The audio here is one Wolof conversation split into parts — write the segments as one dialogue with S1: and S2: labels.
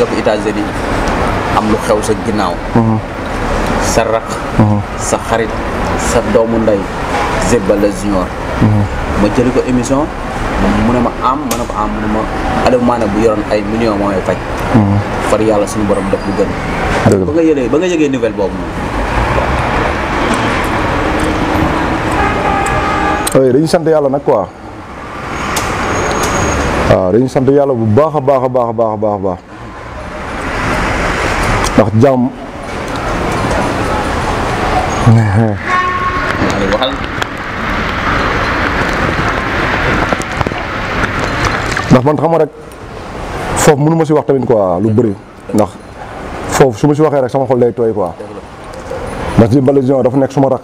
S1: nga ko états-unis am lu xew sa ginnaaw mhm. sa rak mhm. sa xarit sa doomu nday zebba la junior mhm. ma jël ko émission mu ne ma am ma ne ko am mu ne ma Aliou Mané bu yoron ay million moy fajj faj far yalla suñu borom def lu gën ba nga yëlee ba nga yëgee nouvelle bobu
S2: ay dañu sant yalla nak quoi ah dañu sant yalla bu baax a baax a baax a baax ndax jàmm ndax man xam nga rek foofu mënu ma si wax tamit quoi lu bëri ndax foofu su ma si waxee rek sama xol day tooy quoi ndax ci Balla Junior dafa nekk suma rak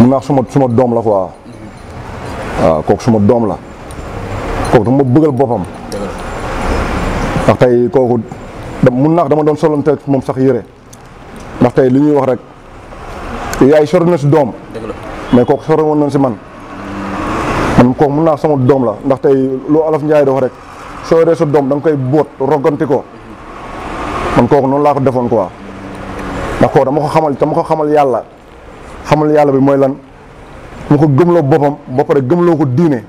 S2: mun naa suma suma doom la quoi waaw kooku suma doom la kooku dama bëggal boppam ndax tey kooku da mun naa dama doon solonte moom sax yére ndax tey li ñuy wax rek yaay sori na si doom mais kook sori woon na si man man kooku mun naa sama doom la ndax tey lu olof njaay di wax rek soo sa doom danga koy boot roganti ko man kook noonu laa ko defoon quoi ndax kooku dama ko xamal dama ko xamal yàlla xamal yàlla bi mooy lan mu ko gëmloo boppam ba pare gëmloo ko diine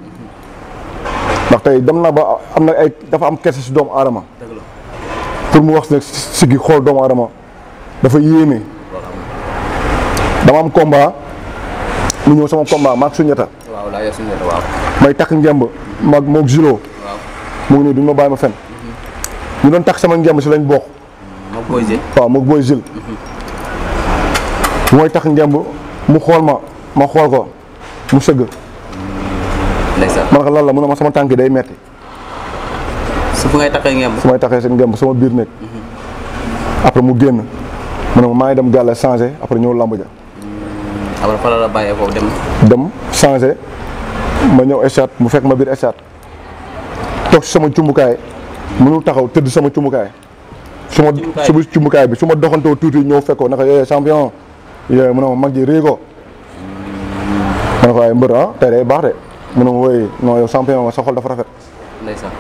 S2: ndax tey dem na ba am na ay dafa am kersa si doomu aadama pour mu wax nag siggi xool doomu aadama dafa yéeme dama am combat mu ñëw sama combat maag suñeta may takk ngemb maag moo julo mu ngi nii du ma bàyyi ma fen mhm. ñu doon takk sama ngemb si lañ bokk mhm, waaw moog booy jil bu may takk ngemb mu xool ma ma xool ko mu sëgg man ko lan la mu ne ma sama tànk day metti su
S1: ngay taxee ngemb
S2: su may taxee seen ngemb sama biir nekk après mu génn mu ne maa ngi dem gàlla changé après ñëw lamb ja après fa la la bàyyee foofu dem dem changé ma ñëw échat mu fekk ma biir échat toog si sama cumbukaay mënul taxaw tëdd sama cumbukaay su ma suma cumbukaay bi su ma doxantoo tuuti ñëw fekkoo naka yooyu eh, champion yooyu mu ne ma mag ji rii ko ma ne ko waaye mbër ah tey day baax de mu ne ma wooy non champion sa xol dafa rafet ndeysaan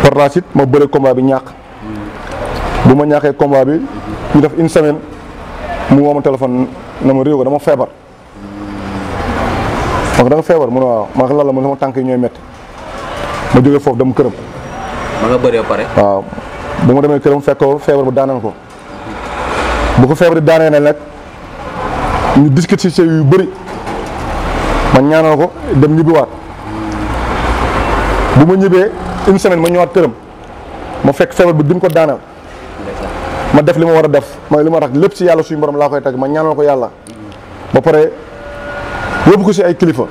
S2: par la suite ma bëre combat bi ñàkk bu ma ñàkkee combat bi ñu def une semaine mu woo ma téléphone na ma réew ko mu ne waaw ma ne la ma sama tànk yi ñooy met ma jógee foofu dam këram. ma waaw bu ma demee këram fekkoo feebar bu daaneel ko bu ko feebar di daaneel ne nag ñu discuter ci yu bëri man ñaanal ko dem ñibbiwaat bu ma ñibbee. une semaine ma ñëwaat këram ma fekk feebar bi duñ ko daanal. ma def li ma war a def mooy li ma tax lépp si yàlla suñu borom laa koy teg ma ñaanal ko yàlla. ba pare yóbbu ko si ay kilifa.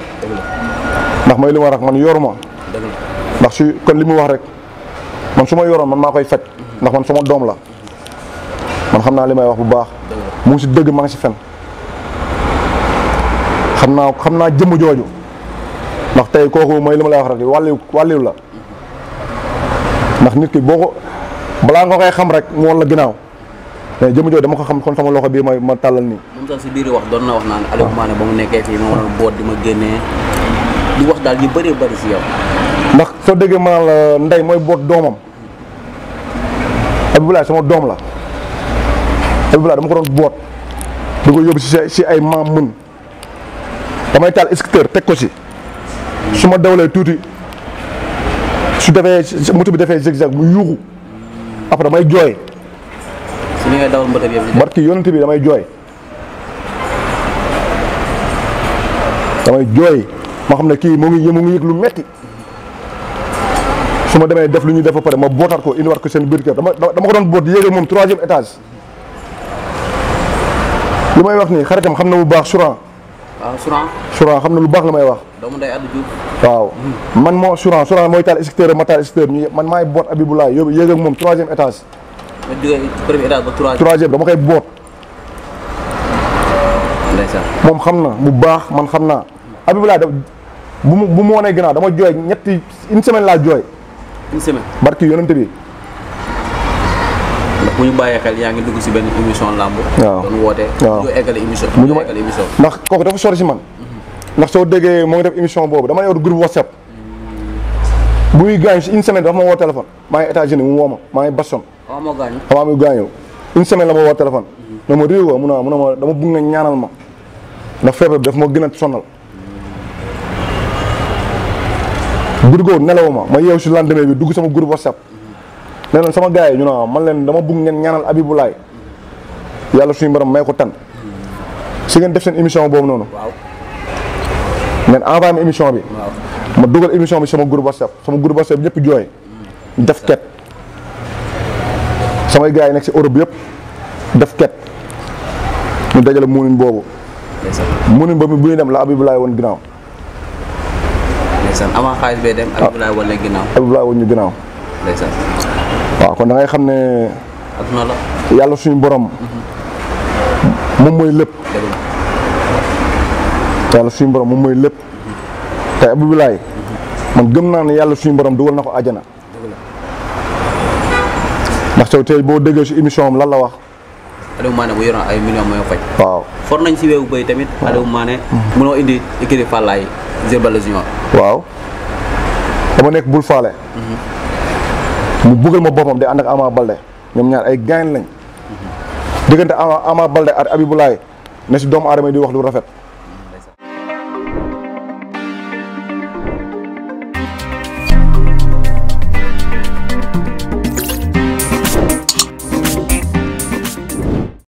S2: ndax mooy li ma tax man yoruma. ndax su kon li mu wax rek man su ma yoroon man maa koy faj. ndax man sama doom la. man xam naa li may wax bu baax. mu si dëgg maa ngi si fen xam naa xam naa jëmm jooju. ndax tey kooku mooy li ma lay wax rek wàllu wàllu la. ndax nit ki boko ko nga koy xam rek mo la ginaaw mais jëm jooju dama ko xam kon sama loxo bi ma ma talal ni
S1: moom sax ci biiru wax doon na wax naan Aliou Mané ba mu nekké fi mo waroon boot di ma génnee di wax dal yu bari bari ci yow.
S2: ndax so déggee ma la nday moy boot doomam Abdoulaye sama dom la Abdoulaye dama ko don boot du ko yobbi ci ci ay maam mën damay tal scooter tek ko ci suma ma touti su defee moto bi defee zigzag mu yuuxu après damay jooy.
S1: su ñu ngay dawal moto bi yëpp
S2: barki yonent bi damay jooy. damay jooy ma xam ne kii moo ngi mu ngi yëg lu metti su ma demee def lu ñuy def ba pare ma bootaat ko indiwaat ko seen biir dama dama ko doon boot yéegee moom troisième étage. li may wax nii xaritam xam na bu baax Souran. waaw Souran. Souran xam na lu baax la may wax. doomu waaw man moo Souran Souran mooy taal extérieur ma taal extérieur man maay boot Abiboulaye yóbbu yéeg ak moom troisième étage.
S1: nga jógee premier dama
S2: koy boot. moom xam na bu baax man xam na Abiboulaye da bu mu bu mu wanee dama jooy ñetti une semaine laa jooy. une semaine barki yonent bi.
S1: bu ñu bàyyee xel yaa ngi dugg si benn émission làmb waaw doon woote ñu eggale émission ñu
S2: ndax kooku dafa sori si man mhm. ndax soo déggee moo ngi def émission boobu dama yor groupe whatsapp bu muy gaañu si une semaine dafa ma woo téléphone maa ngi états ma maa ngi Boston avant oh, muy ah, gaañu une semaine la ma woo téléphone mhm. na ma réew mun a mun a ma dama bëgg nga ñaanal ma ndax feebar bi daf ma gën a sonal mhm. guddi googu bi dugg sama groupe whatsapp nee na sama gars yi ñu ne man leen dama bugg ngeen ñaanal Abibou Laye yàlla suñu borom may ko tan si ngeen def seen émission boobu noonu. ngeen envoyé ma émission bi. ma dugal émission bi sama groupe WhatsApp sama groupe WhatsApp ñëpp jooy. def ket. samay gars yi nekk si Europe yëpp def ket ñu dajale muunuñ boobu. muunuñ boobu bu ñu dem la Abibou Laye woon ginnaaw. ndeysaan avant
S1: xaalis bee dem. Ah. Abibou Laye woon la ginnaaw.
S2: Abibou Laye woon ñu ginnaaw. ndeysaan. waaw kon da ngay xam ne. yàlla suñu borom. moom mooy lépp. yàlla suñu borom moom mooy lépp. te Abou Bilay man gëm naa ne yàlla suñu borom dugal na ko àjjana. ndax taw tey boo déggee si émission am lan la wax.
S1: Aliou Mané bu ay millions mooy waaw for nañ si weewu béy tamit. Aliou Mané. Mm-hmm.
S2: waaw dama nekk bul faale. Mm-hmm. mu bëggal ma boppam day ànd ak Ama Balde ñoom ñaar ay gaañ lañ diggante Ama Ama Balde ak Abibulaay ne si doomu aadama di wax lu rafet.